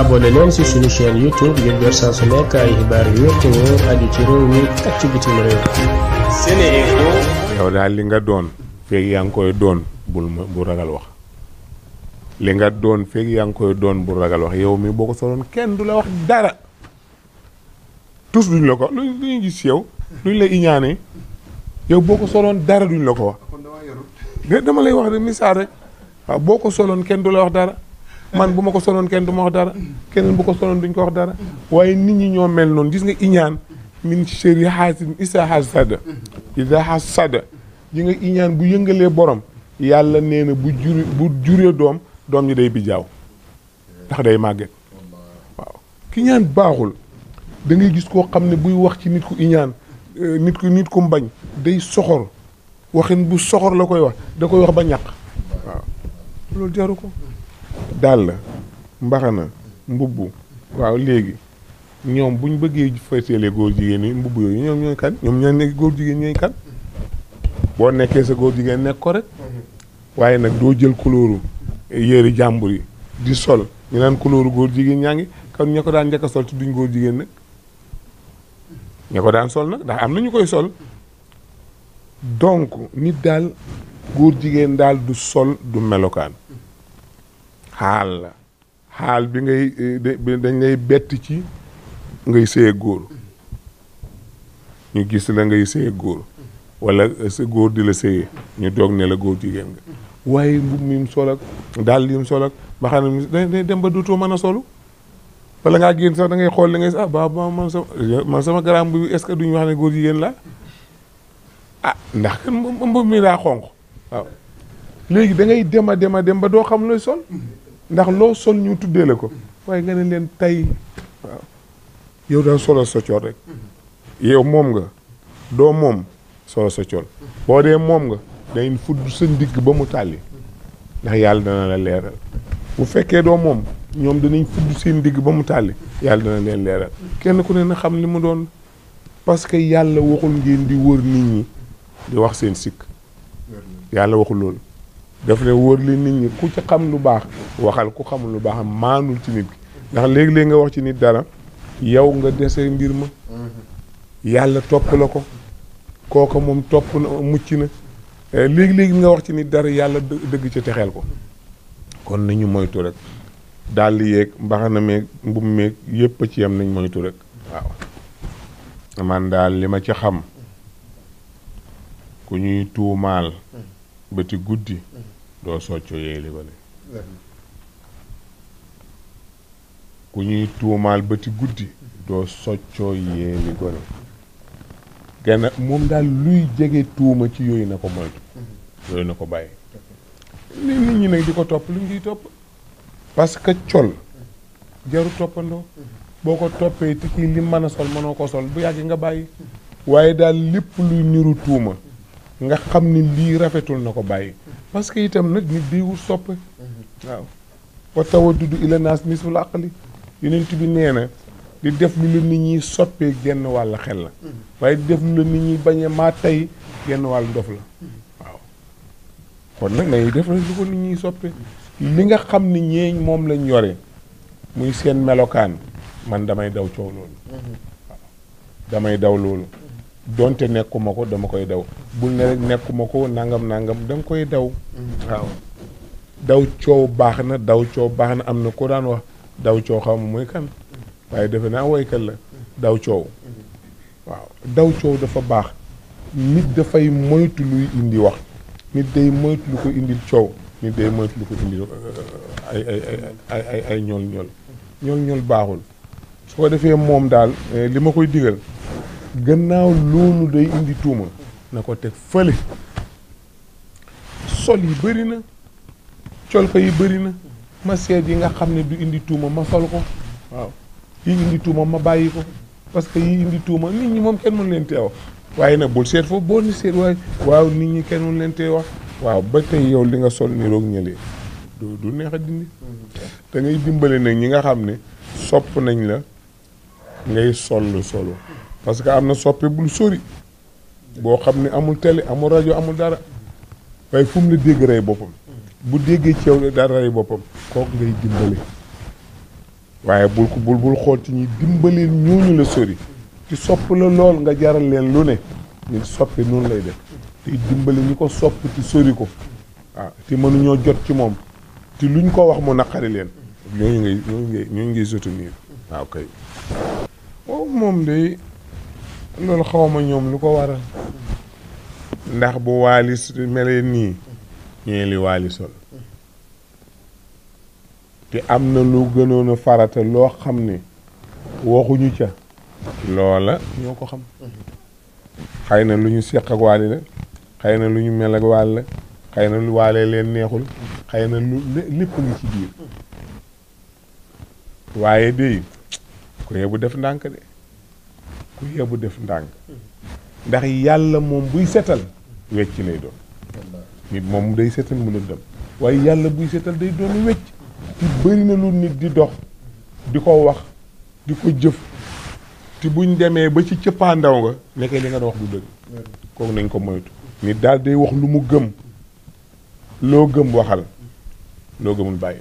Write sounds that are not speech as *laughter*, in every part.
abonné leen ci suñu chaîne YouTube ngir jot saa yu wér te wóor aju ci réew mi daal li nga doon feeg yaa ngi koy bu ragal wax li nga doon feeg yaa ngi koy doon bu ragal wax yow mi boo ko soloon kenn du la wax dara tous duñ la ko lu ñu yow duñ boo ko soloon dara duñ la ko dama lay wax rek misaal rek waaw boo ko soloon kenn du la wax dara. man bu ma ko sonoon kenn du ma wax dara keneen bu ko sonoon duñ ko wax dara waaye nit ñi ñoo mel noonu gis nga iñaan min chéri haasin isa hasada isa hasada yi nga iñaan bu yëngalee borom yàlla nee na bu jure bu juree doom doom ñi day bijaaw ndax day màgget waaw ki ñaan baaxul da ngay gis koo xam ne buy wax ci nit ku iñaan euh, nit ku nit ku mbañ day soxor waxin bu soxor la koy wax da koy wax ba ñàq waaw jaru ko daal dàll mbaxana mbubb waaw léegi ñoom bu ñu bëggee faseele góor jigéen yi mbubb yooyu ñoom ñooy kan ñoom ñoo nekk jigéen ñooy kan boo nekkee góor jigéen nekk ko rek waaye nag doo jël kulóoru yéeri jàmbur yi di sol ñu naan kulóoru góor jigéen ñaa ngi kon ña ko daan njëkk a sol ci duñ góor jigéen nag ña ko daan sol nag ndax am na ñu koy sol donk nit daal góor jigéen daal du sol du melokaan xaal la xaal bi ngay eh, dañ lay bett ci ngay sëy góor ñu gis la ngay sëy góor wala eh, sa góor di la sëyee ñu doog ne la góor jigéen nga waaye mbub mi mu sol ak daal yi mu sol ak mbaxana mi day dem ba dootoo mën a solu bala ngaa génn sax da ngay xool li ngay ah ba man sama man sama garaam bi est-ce wax ne góor jigéen la ah ndax mi daa xonq waaw da ngay dem a dem a dem doo xam lay sol ndax loo sol ñu tuddee la ko waaye nga ne leen tey yow daal solo sa rek yow moom nga doo moom solo sa boo dee moom nga dañ fudd sa ndigg ba mu tàlli ndax yàlla dana la leeral fekkee doo ñoom danañ fudd seen ba mu tàlli yàlla dana leen leeral kenn ku ne na xam li mu doon parce que yàlla waxul ngeen di wër nit ñi di wax seen sikk yàlla waxul loolu daf ne wër li nit ñi ku ci xam lu baax waxal ku xamul lu baax maanul ci nit gi ndax léegi-léeg nga wax ci nit dara yow nga dese mbir ma yàlla topp la ko kooka moom topp na mucc na eh, léegi-léegi nga wax ci nit dara yàlla dëgg ci texeel ko kon nañu moytu rek dàll yeeg mbaxana meeg mbub meeg yépp ci yam nañ moytu rek waaw man daal li ma ci xam ku ñuy tuumaal mm. bëti guddi mm. doo socco yeey li ba ne mm. ku ñuy tuumaal ba ci guddi doo soccoo yeewi gone gana moom daal luy jege tuuma ci yooyu na ko moytu yooyu na ko bàyyi li nit ñi nag di ko topp lu ñuy topp parce que col jaru toppandoo boo ko toppee te kii li mën a sol mënoo ko sol bu yàggee nga bàyyi waaye daal lépp luy niru tuuma nga xam ni lii rafetul na ko bàyyi parce que itam nag nit day wut soppe waaw wa tawaddudu ila naas misful aqli yonent bi nee na di def lu la nit ñi soppee genn wàll xel la waaye di def lu la nit ñi bañee maa tey genn wàll ndof la waaw kon nag nañuy def lu ko nit ñi li nga xam ni ñeeñ moom lañ yore muy seen melokaan man damay daw coow loolu damay daw loolu doonte nekkuma ko dama koy daw bul ne rek nekkuma ko nangam nangam danga koy daw mm-hmm. waaw daw coow baax na daw coow baax na am na koo daan wax daw coow xaw ma mooy kan waaye defe naa woykat la daw coow waaw daw coow dafa baax nit dafay moytu luy indi wax nit day moytu lu ko indil coow nit day moytu lu ko indil uh, ay ay ay ay ay ñool ñool baaxul su ko defee moom daal eh, li ma koy digal gannaaw loolu day indi tuuma na ko teg fële sol yi bëri na colka yi bëri na ma seet yi nga xam ne du indi tuuma ma sol ko waaw yi indi tuuma ma bàyyi ko parce que yi indi tuuma nit ñi moom kenn mënu leen teew waaye nag bul seet boo ni seet waaw nit ñi kenn mënu leen teew wax waaw ba tey yow li nga sol ni roog ñëlee du neex a dindi da ngay dimbale ñi nga xam ne sopp nañ la ngay sol solo parce que am na soppe bul sori boo xam ne amul télé amul rajo amul dara waaye fu mu la dégg rey boppam bu déggee ci yow ne daan boppam kook ngay dimbale waaye bul ko bul xool ci ñuy dimbale ñooñu la sori ci sopp la lool nga jaral leen lu ne ñun soppi nun lay def te dimbale ñu ko sopp ci sori ko waaw ah, te mënuñoo jot ci moom te luñ ko wax mu naqari leen ñooñu ñu ñooñu ngay ñooñu ngay soutenir waaw ah, kay waaw moom day loolu xawma ñoom lu ko waral ndax bu waalis melee nii ñee waali sol te am na lu gënoon a farata loo xam ne waxuñu ca loola ñoo ko xam xëy na lu ñu seq la xëy na lu ñu mel ak waal la xëy na lu waalee leen neexul xëy na lu lépp ngi ci biir waaye de ku yebu def ndànk de ku yebu def ndànk ndax yàlla moom buy setal wecc lay doon nit moom day seetal mu lëndëm waaye yàlla buy seetal day doon wecc ci bëri na lu nit di dox di ko wax di ko jëf te buñ demee ba ci cëppaandaw nga nekk li nga wax du dëgg kooku nañ ko moytu nit daal day wax lu mu gëm loo gëm waxal loo gëmul bàyyi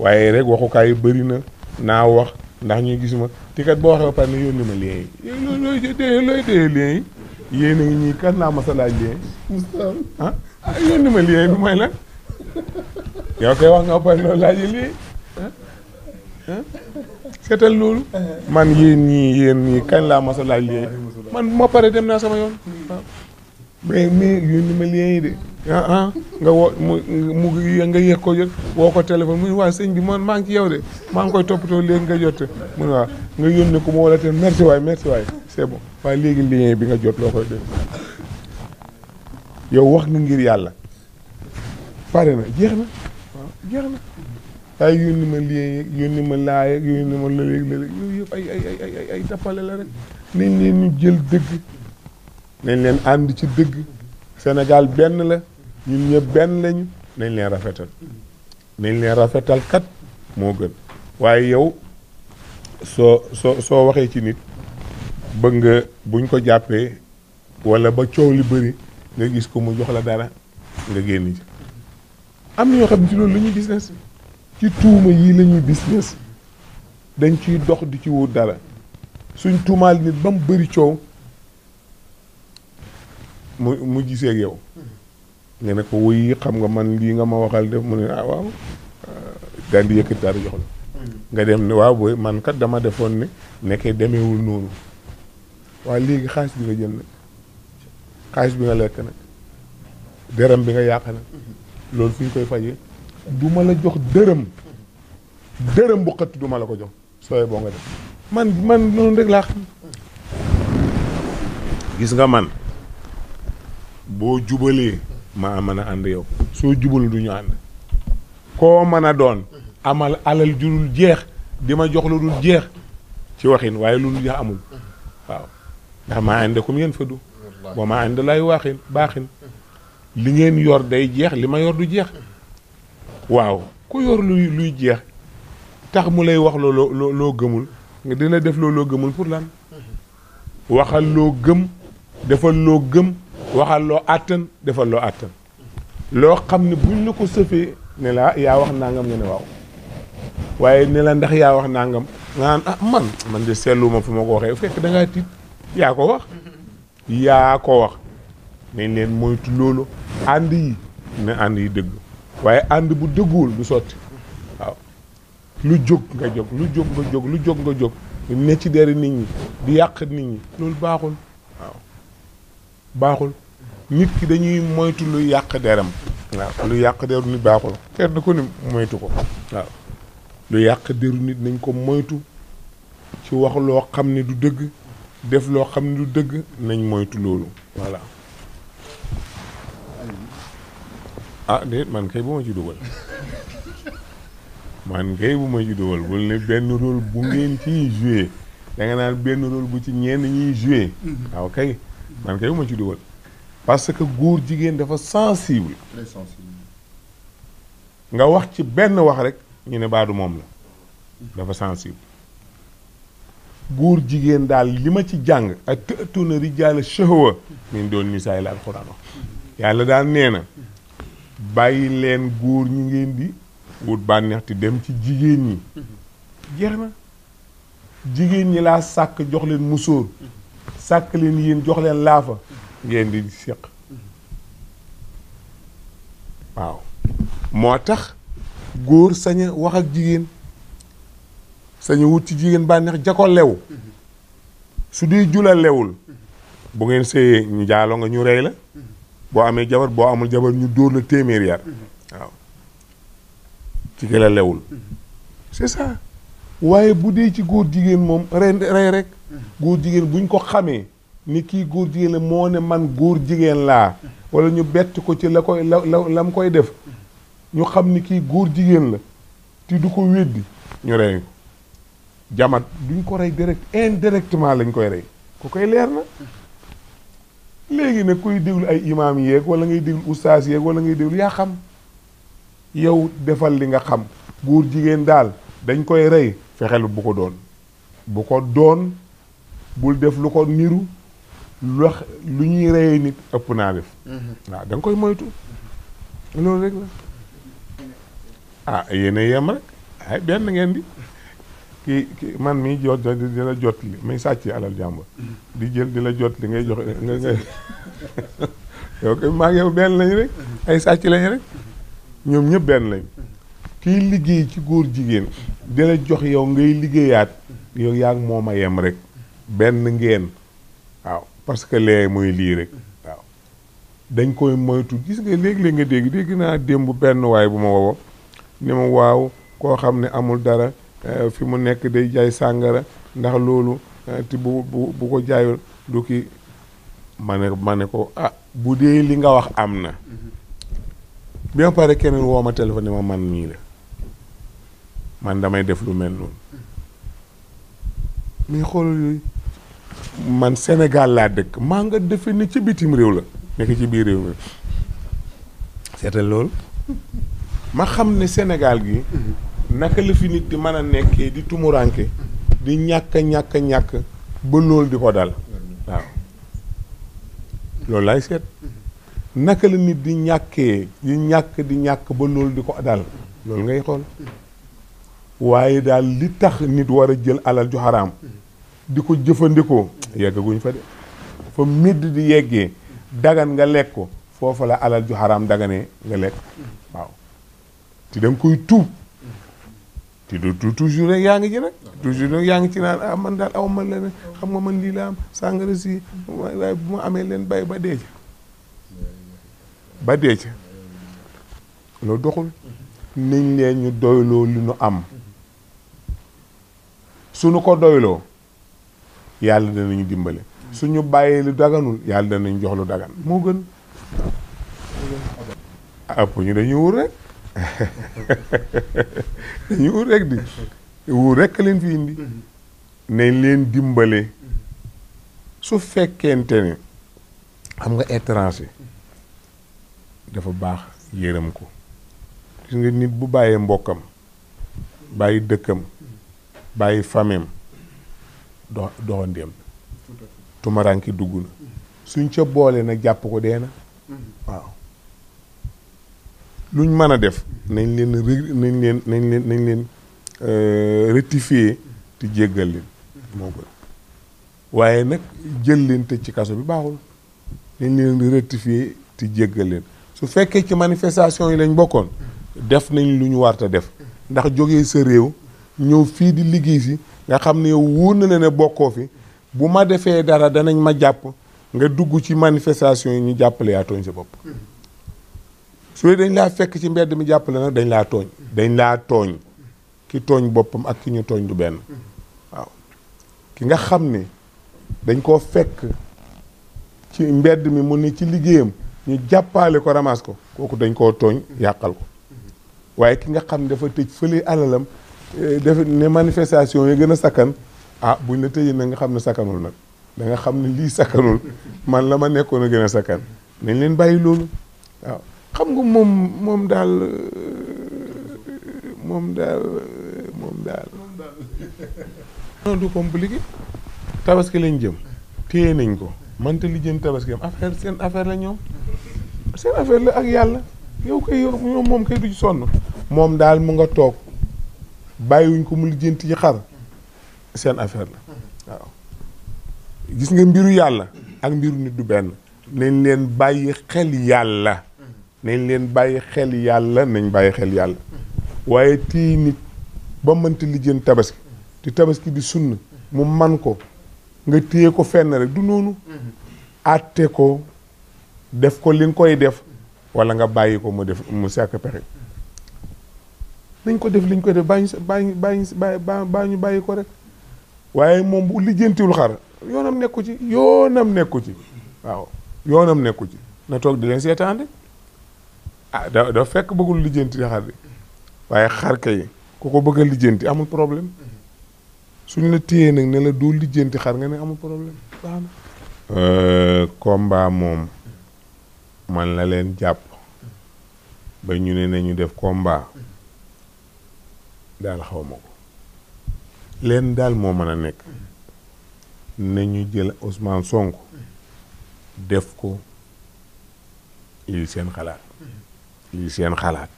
waaye rek waxukaay yi bëri na naa wax ndax ñu gis ma te boo waxee ba pare ne yónni ma lien yi looy looy looy yi yéen a ngi ñii kan laa masa laaj lien. Moustapha ah ah yéen ni ma lien kay wax nga ba pare loolu laaj lii ah, ah, seetal loolu. man yéen ñii yéen laa masa laaj lien man bu ma paree dem naa sama yoon. mais mais yéen ni ma lien yi de. ah, ah nga woo mu mu nga yëg ko jot woo ko téléphone mu ne waa sëñ bi man maa ngi yow de maa ngi koy toppatoo léegi nga jot. mu ne waaw nga yónni ko ma wala te merci waay merci waay waaye léegi lien bi nga jot loo koy def yow wax nga ngir yàlla pare na jeex na waaw jeex na ma lien yeeg yónni ma laa yeeg yónni ay ay ay ay ay tappale la rek nañ leen ñu jël dëgg nañ leen ànd ci dëgg Sénégal benn la ñun ñëpp benn lañu nañ leen rafetal nañ leen rafetal kat moo gën waaye yow soo soo soo waxee ci nit bëgg nga buñ ko jàppee wala ba coow li bëri nga gis ko mu jox la dara nga génn ci am na ñoo xam ne ci loolu la ñuy business ci tuuma yii la ñuy business dañ ciy dox di ci wut dara suñ tuumaal nit ba mu bëri coow mu mu gisee ak yow nga ne ko yi xam nga man lii nga ma waxal def mu ne ah waaw daal di yëkkati dara jox la hmm. nga dem ne waaw booy man kat dama defoon ne nekkee demewul noonu waa léegi xaalis bi nga jël nag xaalis bi nga lekk nag dërëm bi nga yàq nag loolu fi ñu koy fajee du la jox dërëm dërëm bu xëtt duma la ko jox sooy boo nga def man man noonu rek laa xam gis nga man boo jubalee maa mën a ànd yow soo jubal du ñu ànd koo mën a doon amal alal ju jeex di ma jox lu dul jeex ci waxin waaye lu dul jeex amul ndax maa indakum yanfadu wa maa inda Allaahi waaqin baaxin li ngeen yor day jeex li ma yor du jeex waaw ku yor luy luy jeex tax mu lay wax loo loo gëmul nga dina def loo gëmul pour lan waxal loo gëm defal loo gëm waxal loo àttan defal loo àttan loo xam ne buñ la ko sëfee ne la yaa wax nangam nga ne waaw waaye ne la ndax yaa wax nangam nga naan ah man man de seetlu fu ma ko waxee fekk da ngaa yaa ko wax yaa ko wax nañ leen moytu loolu ànd yi na ànd yi dëgg waaye ànd bu dëgguwul du sotti waaw lu jóg nga jóg lu jóg nga jóg lu jóg nga jóg ne ci deri nit ñi di yàq nit ñi loolu baaxul waaw baaxul nit ki dañuy moytu lu yàq deram waaw lu yàq deru nit baaxul kenn na ko ni moytu ko waaw lu yàq deru nit nañ ko moytu ci wax loo xam ne du dëgg def loo xam ne du dëgg nañ moytu loolu voilà. ah déet man kay bu ma ci dugal man kay bu ma ci dugal bul ne benn rôle bu ngeen ciy joué da nga benn rôle bu ci ñenn ñuy joué. waaw ah, kay man kay bu ma ci dugal. parce que góor jigéen dafa sensible. très sensible. nga wax ci benn wax rek ñu ne baadu moom la. dafa sensible. góor jigéen daal li ma ci jàng ak të'atuna rijaala shahwa min doon misaay la alxuraan wax yàlla daal nee na bàyyi leen góor ñi ngeen di wut bànneex ti dem ci jigéen ñi jeex na jigéen ñi laa sàkk jox leen musóor sàkk leen yéen jox leen laafa ngeen di séq waaw moo tax góor sañ wax ak jigéen sañu wut ci jigéen bànneex ja ko lew su dee jula lewul bu ngeen séyee ñu jaaloo nga ñu rey la boo amee jabar boo amul jabar ñu dóor la téeméer yar waaye bu dee ci góor jigéen moom rey rek góor jigéen buñ ko xamee ni kii góor jigéen la moo ne man góor jigéen laa wala ñu bett ko ci la koy la la mu koy def ñu xam ni kii góor jigéen la ti du ko weddi ñu rey jamat duñ ko rey direct indirectement lañ koy rey ku koy leer na léegi nag kuy déglu ay imaam yeeg wala ngay déglu ustaas yeeg wala ngay déglu yaa xam yow defal li nga xam góor jigéen daal dañ koy rey fexeel bu ko doon bu ko doon bul def lu ko niru wax lu ñuy reyee nit ëpp naa def mm-hmm. waaw da nga koy moytu loolu rek la ah yéena yem rek ay benn ngeen di ki ki man mii jot di la jot li muy sàcc alal jàmbur. Mm-hmm. di jël di la jot li ngay joxe nga ngay *laughs* yow kay maa ngi yow benn lañ rek mm-hmm. ay sàcc lañ rek mm-hmm. ñoom ñëpp benn lañ kii liggéey ci góor jigéen di la jox yow ngay liggéeyaat yow yaa ngi moom yem rek benn ngeen waaw parce que lee muy lii rek waaw dañ koy moytu gis nga léeg-léeg nga dégg dégg naa démb benn waay bu ma woo ni ma waaw koo xam ni amul dara. Euh, fi mu nekk day jaay sàngara ndax loolu euh, te bu bu bu ko jaayul du ki ma ne ma ne ko ah bu dee li nga wax am na mm-hmm. bi ma pare keneen woow ma téléphone ma man nii la man damay def lu mel noonu mais xoolal yooyu man Sénégal laa dëkk maa nga defe ni ci bitim réew la nekk ci biir réew mi seetal loolu ma xam ne Sénégal gi mm-hmm. naka la fi nit di mën a nekkee di tumuranke di ñàkk ñàkk ñàkk ba loolu di ko dal loolu laay seet naka la nit di ñàkkee ñàkk di ñàkk ba loolu di ko dal ngay xool waaye daal li tax nit war a jël alal ju di ko jëfandikoo yeggaguñ fa de fa midd di yeggee dagan nga lekk ko foofa la alal ju xaraam daganee nga lekk waaw te da koy tuub te du toujours nag yaa ngi ci rek toujours nag yaa ngi ci naan ah man daal aw man leneen xam nga man lii la am sàngara si bu ma amee leen bay ba dee ca ba dee ca loolu doxul leen ñu doyloo li ñu am suñu ko doyloo yàlla danañu dimbale suñu bàyyee lu daganul yàlla danañ jox lu dagan moo gën ëpp ñu dañuy wut rek dañuy *laughs* wut rek di wut rek leen fi indi nañ leen dimbale su fekkente ne xam nga étranger dafa baax yéram ko gis nga nit bu bàyyee mbokkam bàyyi dëkkam bàyyi famem dox doxandeem dugg na suñ ca boole na jàpp ko dee na mm-hmm. waaw luñ mën a def nañ leen nañ leen nañ leen nañ leen euh, rectifier te jéggal leen moo nag jël leen ci kaso bi baaxul nañ leen rectifier te su fekkee ci manifestation yi lañ bokkoon def nañ lu ñu warta def ndax jógee sa réew ñëw fii di liggéey si nga xam ne wóor na la ne bokkoo fi bu ma defee dara danañ ma jàpp nga dugg ci manifestation yi ñu jàppale yaa tooñ sa bopp su dee dañ laa fekk ci mbedd mi jàppale nag dañ laa tooñ dañ laa tooñ ki tooñ boppam ak ki ñu tooñ du benn waaw ki nga xam ni dañ koo fekk ci mbedd mi mu ne ci liggéeyam ñu jàppale ko ramas ko kooku dañ koo tooñ yàqal ko waaye ki nga xam ne dafa tëj fële alalam eh, def ne manifestation yi gën a sakkan ah buñ la tëjee na nga xam ne sakkanul nag da nga xam ne lii sakkanul man la ma nekkoon a gën a sakkan nañ leen bàyyi loolu xam nga moom moom daal moom daal moom daal. non du compliqué tabaski lañ jëm téye nañ ko mante li jëm tabaski affaire seen affaire affaire la ak yàlla yow kay moom kay moom daal mu nga toog bàyyiwuñ ko mu lijjanti ci xar seen affaire la waaw gis nga mbiru yàlla ak mbiru nit du benn nañ leen bàyyi xel yàlla nañ leen bàyyi xel yàlla nañ bàyyi xel yàlla waaye tii nit ba mënta lijjeen tabaski te tabaski di sunn mu man ko nga téye ko fenn rek du noonu àtte ko def ko li nga koy def wala nga bàyyi ko mu def mu sàkk pexe nañ ko def liñ koy def bàyyi bàyyi bàyyi bàyyi ko rek waaye moom bu lijjantiwul xar yoonam nekku ci yoonam nekku ci waaw yoonam nekku ci na toog di leen seetaan rek ah da fekk bëggul lijjanti xar bi waaye xar kay ko ko bëgg a lijjanti amul problème suñu na téyee ne ne la doo lijjanti xar nga ne amul problème baax na. Euh, moom man la leen jàpp ba ñu ne ñu def combat daal xaw ma ko leen daal moo mën a nekk ñu jël Ousmane sonk def ko il seen xalaat. lii seen xalaat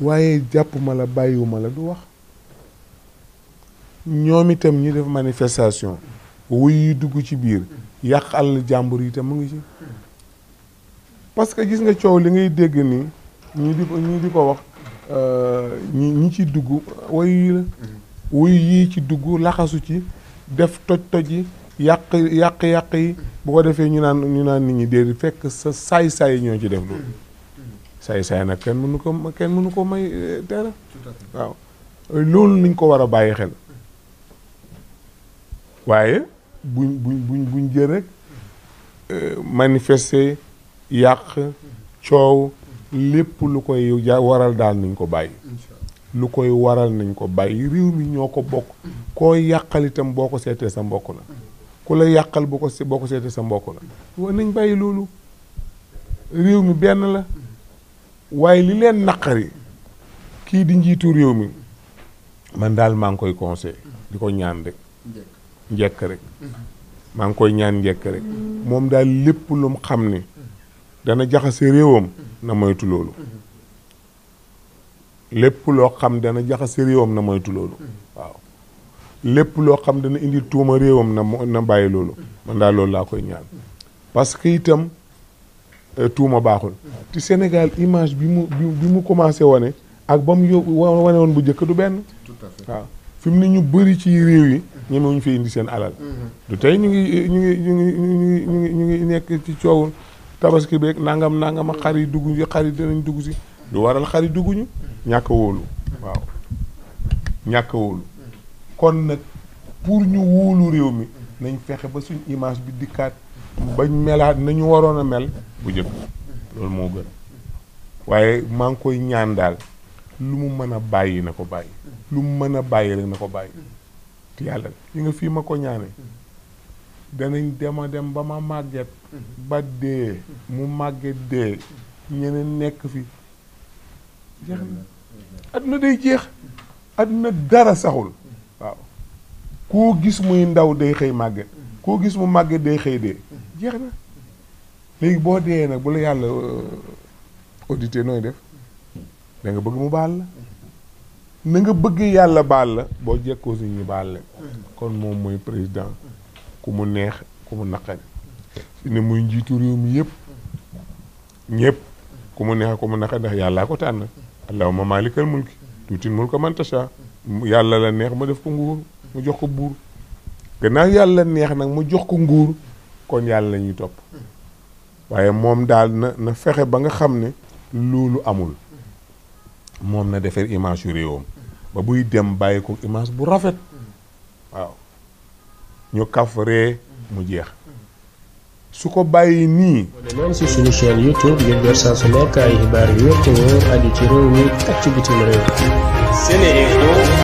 waaye jàppuma la bàyyiwuma la du wax ñoom itam ñi def manifestation wuy yu dugg ci biir yàq àll yi itam mu ngi ci parce que gis nga coow li ngay dégg ni ñu di ko ñu di ko wax euh, ñi ñi ci dugg wayu yi la wayu yii ci dugg laxasu ci def toj toj yi yàq yàq yàq yi bu ko defee ñu naan ñu naan nit ñi déedéet fekk sa saay-saay ñoo ci def loolu saay-saay nag kenn mënu ko kenn mënu ko may teera eh, waaw loolu niñ ko war a bàyyi xel waaye buñ buñ buñ buñ jël rek eh, manifester yàq coow lépp lu koy waral daal nañ ko bàyyi lu koy waral nañ ko bàyyi réew mi ñoo ko bokk mm-hmm. koo yàqal boo ko seetee sa mbokk na ku la yàqal bu ko si boo ko seetee sa mbokk wa nañ bàyyi loolu réew mi benn la waaye li leen naqari kii di njiitu réew mi man daal maa ngi koy conseil di ko ñaan rek njekk rek maa ngi koy ñaan njekk rek moom daal lépp lu mu xam ni dana jaxase na moytu loolu lépp loo xam dana jaxase réewam na moytu loolu lépp loo xam dana indi tuuma réewam na na bàyyi loolu man daal loolu laa koy ñaan parce que itam euh, tuuma baaxul te Sénégal image bi mu bi mu commencé wane ak ba yo yób wane woon bu njëkk du benn waaw fi ne ñu bëri ci réew yi ñemewuñu fi indi seen alal mm-hmm. du tey ñu ngi ñu ngi ñu ngi ñu ngi ñu ngi ñu ngi nekk ci coowul tabaski beek nangam nangam xar yi dugg yi xar yi danañ dugg si du waral xar yi dugg ñu ñàkk a wóolu waaw ñàkk wóolu kon nag pour ñu wóolu réew mi nañ fexe ba suñ image bi dikkaat bañ melaat nañu waroon a mel bu jëkk loolu moo gën waaye maa ngi koy ñaan daal lu mu mën a bàyyi na ko bàyyi lu mu mën a bàyyi rek na ko bàyyi te yàlla li nga fii ma ko ñaanee danañ dema dem ba ma màgget ba dee mu màgget dee ñeneen nekk fi jeex na adduna day jeex adduna dara saxul koo gis muy ndaw day xëy màgget koo gis mu màgget day xëy dee jeex na léegi boo dee nag bu la yàlla euh, auditer nooy def da nga bëgg mu baal la na nga bëgg yàlla baal la boo jekkoo si ñu baal la kon moom mooy président ku mu neex ku mu naqari fi ne muy njiitu réew mi yëpp ñëpp ku mu neex ku mu naqari ndax yàllaa ko tànn allahumma maalikal mulki tuutil mulka man tasha yàlla la neex ma def ko nguur mu jox ko buur gannaaw yàlla neex nag mu jox ko nguur kon yàlla la ñuy topp waaye moom daal na fexe ba nga xam ne loolu amul moom na defar image yu réewam ba buy dem bàyyi ko image bu rafet waaw ñu kaf ree mu jeex su ko bàyyi nii. si suñu chaîne YouTube su nekk ay xibaar ci réew mi ak bitim réew.